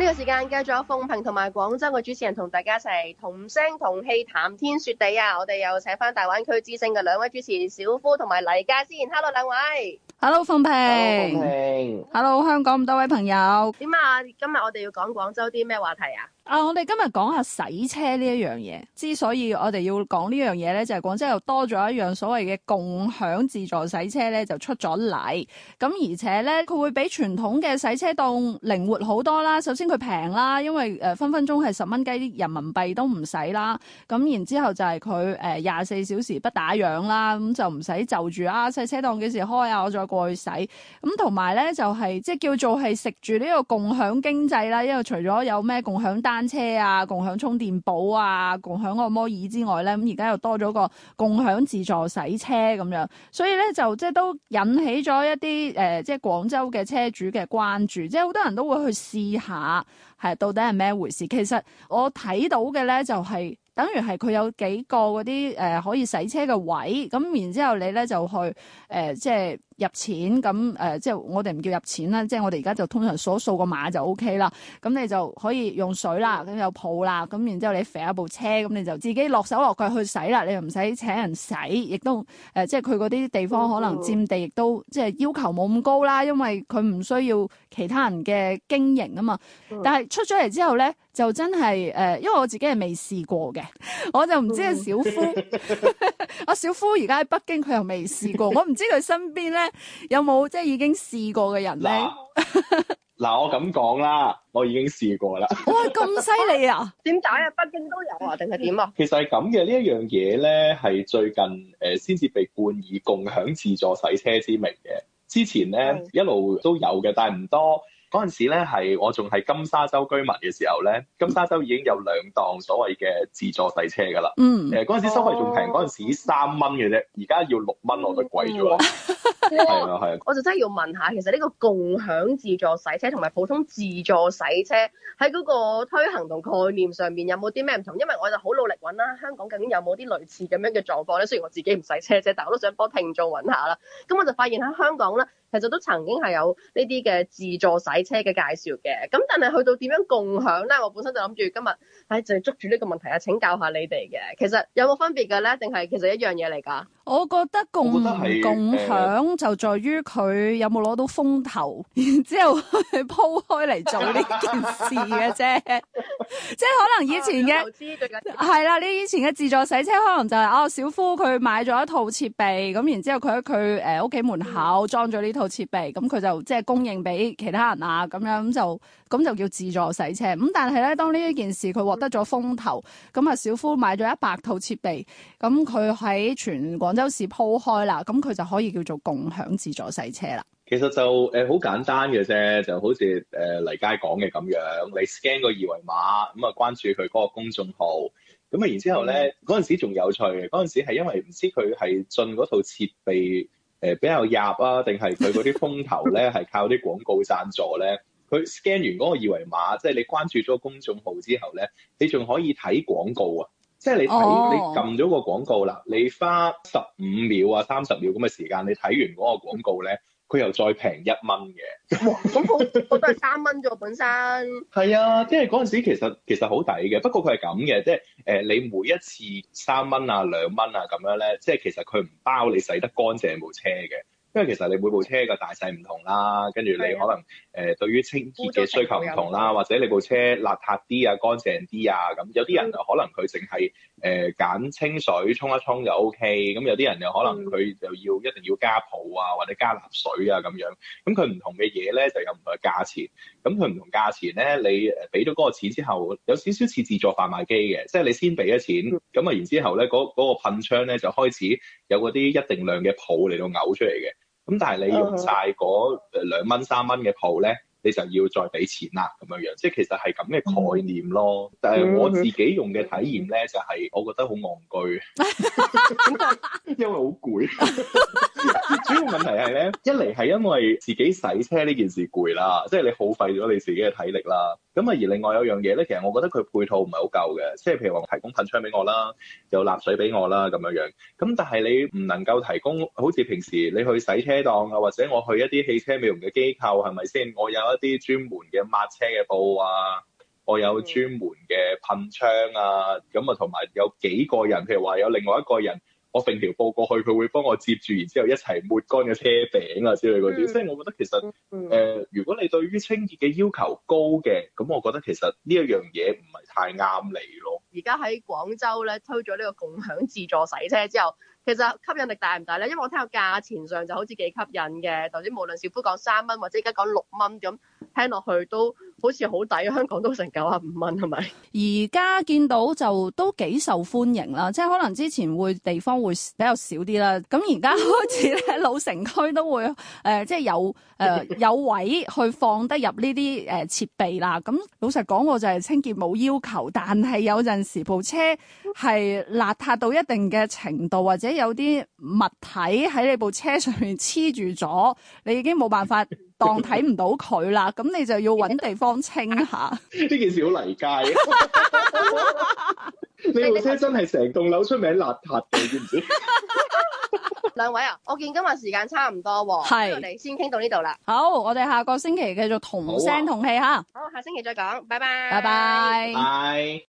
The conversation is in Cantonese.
呢個時間繼續有鳳平同埋廣州嘅主持人同大家一齊同聲同氣談天說地啊！我哋又請返大灣區之聲嘅兩位主持小夫同埋黎佳先。Hello 兩位。Hello 鳳平。Hello, 鳳屏。hello，香港咁多位朋友，點啊？今日我哋要講廣州啲咩話題啊？啊，我哋今日講下洗車呢一樣嘢。之所以我哋要講呢樣嘢咧，就係廣州又多咗一樣所謂嘅共享自助洗車咧，就出咗嚟。咁而且咧，佢會比傳統嘅洗車檔靈活好多啦。首先佢平啦，因為誒分分鐘係十蚊雞人民幣都唔使啦。咁然之後就係佢誒廿四小時不打烊啦，咁就唔使就住啊，洗車檔幾時開啊，我再過去洗。咁同埋咧就。係即係叫做係食住呢個共享經濟啦，因為除咗有咩共享單車啊、共享充電寶啊、共享按摩椅之外咧，咁而家又多咗個共享自助洗車咁樣，所以咧就即係都引起咗一啲誒、呃、即係廣州嘅車主嘅關注，即係好多人都會去試下係到底係咩回事。其實我睇到嘅咧就係、是、等於係佢有幾個嗰啲誒可以洗車嘅位，咁然之後你咧就去誒、呃、即係。入錢咁誒、呃，即係我哋唔叫入錢啦，即係我哋而家就通常所掃，掃個碼就 OK 啦。咁你就可以用水啦，咁有泡啦，咁然之後你揈一部車，咁你就自己落手落腳去洗啦，你又唔使請人洗，亦都誒、呃，即係佢嗰啲地方可能佔地亦都即係要求冇咁高啦，因為佢唔需要其他人嘅經營啊嘛。嗯、但係出咗嚟之後咧，就真係誒、呃，因為我自己係未試過嘅， 我就唔知係、嗯、小夫。 阿小夫而家喺北京，佢又未試過。我唔知佢身邊咧有冇即係已經試過嘅人咧。嗱喇， 我咁講啦，我已經試過啦。哇，咁犀利啊！點解啊？北京都有啊？定係點啊？其實係咁嘅，這個、呢一樣嘢咧係最近誒先至被冠以共享自助洗車之名嘅。之前咧的一路都有嘅，但係唔多。嗰陣時咧，係我仲係金沙洲居民嘅時候咧，金沙洲已經有兩檔所謂嘅自助洗車噶啦。嗯。誒、呃，嗰陣時收費仲平，嗰陣、哦、時三蚊嘅啫，而家要六蚊，我覺得貴咗。係啊係啊。 啊啊我就真係要問下，其實呢個共享自助洗車同埋普通自助洗車喺嗰個推行同概念上面有冇啲咩唔同？因為我就好努力揾啦，香港究竟有冇啲類似咁樣嘅狀況咧？雖然我自己唔使車啫，但係我都想幫聽眾揾下啦。咁我就發現喺香港咧。其實都曾經係有呢啲嘅自助洗車嘅介紹嘅，咁但係去到點樣共享咧？我本身就諗住今日，唉，就係捉住呢個問題啊，請教下你哋嘅。其實有冇分別嘅咧？定係其實一樣嘢嚟㗎？我覺得共唔共享、呃、就在於佢有冇攞到風頭， 然之後鋪開嚟做呢件事嘅啫。 即係可能以前嘅係啦，你 以前嘅自助洗車可能就係、是、哦，小夫佢買咗一套設備，咁然之後佢喺佢誒屋企門口裝咗呢套設備，咁佢、嗯、就即係供應俾其他人啊，咁樣咁就咁就叫自助洗車。咁但係咧，當呢一件事佢獲得咗風頭，咁啊、嗯，小夫買咗一百套設備，咁佢喺全廣州。有時鋪開啦，咁佢就可以叫做共享自助洗車啦。其實就誒好、呃、簡單嘅啫，就好似誒黎佳講嘅咁樣，你 scan 個二維碼，咁、嗯、啊關注佢嗰個公眾號，咁啊然之後咧，嗰陣時仲有趣嘅，嗰陣時係因為唔知佢係進嗰套設備誒、呃、比較入啊，定係佢嗰啲風頭咧係 靠啲廣告贊助咧，佢 scan 完嗰個二維碼，即係你關注咗公眾號之後咧，你仲可以睇廣告啊！即係你睇，哦、你撳咗個廣告啦，你花十五秒啊、三十秒咁嘅時間，你睇完嗰個廣告咧，佢又再平一蚊嘅。咁本我都係三蚊啫，我本身。係啊，即係嗰陣時其實其實好抵嘅。不過佢係咁嘅，即係誒、呃、你每一次三蚊啊、兩蚊啊咁樣咧，即係其實佢唔包你洗得乾淨部車嘅。因為其實你每部車嘅大細唔同啦，跟住你可能誒對於清潔嘅需求唔同啦，或者你部車邋遢啲啊、乾淨啲啊，咁有啲人就可能佢淨係誒揀清水沖一沖就 OK。咁有啲人又可能佢又要一定要加泡啊，或者加蠟水啊咁樣。咁佢唔同嘅嘢咧就有唔同嘅價錢。咁佢唔同價錢咧，你誒俾咗嗰個錢之後，有少少似自助販賣機嘅，即係你先俾咗錢，咁啊然之後咧嗰嗰個噴槍咧就開始有嗰啲一定量嘅泡嚟到嘔出嚟嘅。咁但係你用晒嗰誒兩蚊三蚊嘅鋪咧，你就要再俾錢啦，咁樣樣，即係其實係咁嘅概念咯。誒，我自己用嘅體驗咧，就係我覺得好戇居， 因為好攰， 主要問題係咧，一嚟係因為自己洗車呢件事攰啦，即係你耗費咗你自己嘅體力啦。咁啊，而另外有樣嘢咧，其實我覺得佢配套唔係好夠嘅，即係譬如話提供噴槍俾我啦，有蠟水俾我啦咁樣樣。咁但係你唔能夠提供，好似平時你去洗車檔啊，或者我去一啲汽車美容嘅機構係咪先？我有一啲專門嘅抹車嘅布啊，我有專門嘅噴槍啊，咁啊、嗯，同埋有，有幾個人，譬如話有另外一個人。我揈條布過去，佢會幫我接住，然之後一齊抹乾嘅車頂啊之類嗰啲，嗯、所以我覺得其實誒、嗯呃，如果你對於清潔嘅要求高嘅，咁我覺得其實呢一樣嘢唔係太啱你咯。而家喺廣州咧推咗呢個共享自助洗車之後，其實吸引力大唔大咧？因為我聽個價錢上就好似幾吸引嘅，頭先無論小夫講三蚊或者而家講六蚊咁，聽落去都好似好抵，啊，香港都成九十五蚊，係咪？而家見到就都幾受歡迎啦，即係可能之前會地方會比較少啲啦。咁而家開始咧， 老城區都會誒、呃，即係有誒、呃、有位去放得入呢啲誒設備啦。咁、嗯、老實講，我就係清潔冇要求，但係有陣時部車係邋遢到一定嘅程度，或者有啲物體喺你部車上面黐住咗，你已經冇辦法。 當睇唔到佢啦，咁 你就要揾地方清下。呢件事好嚟街、啊。 你部車真係成棟樓出名邋遢你知唔知？ 兩位啊，我見今日時間差唔多喎，係嚟是先傾到呢度啦。好，我哋下個星期繼續同聲同氣哈、啊。好，下星期再講，拜拜。拜拜 bye。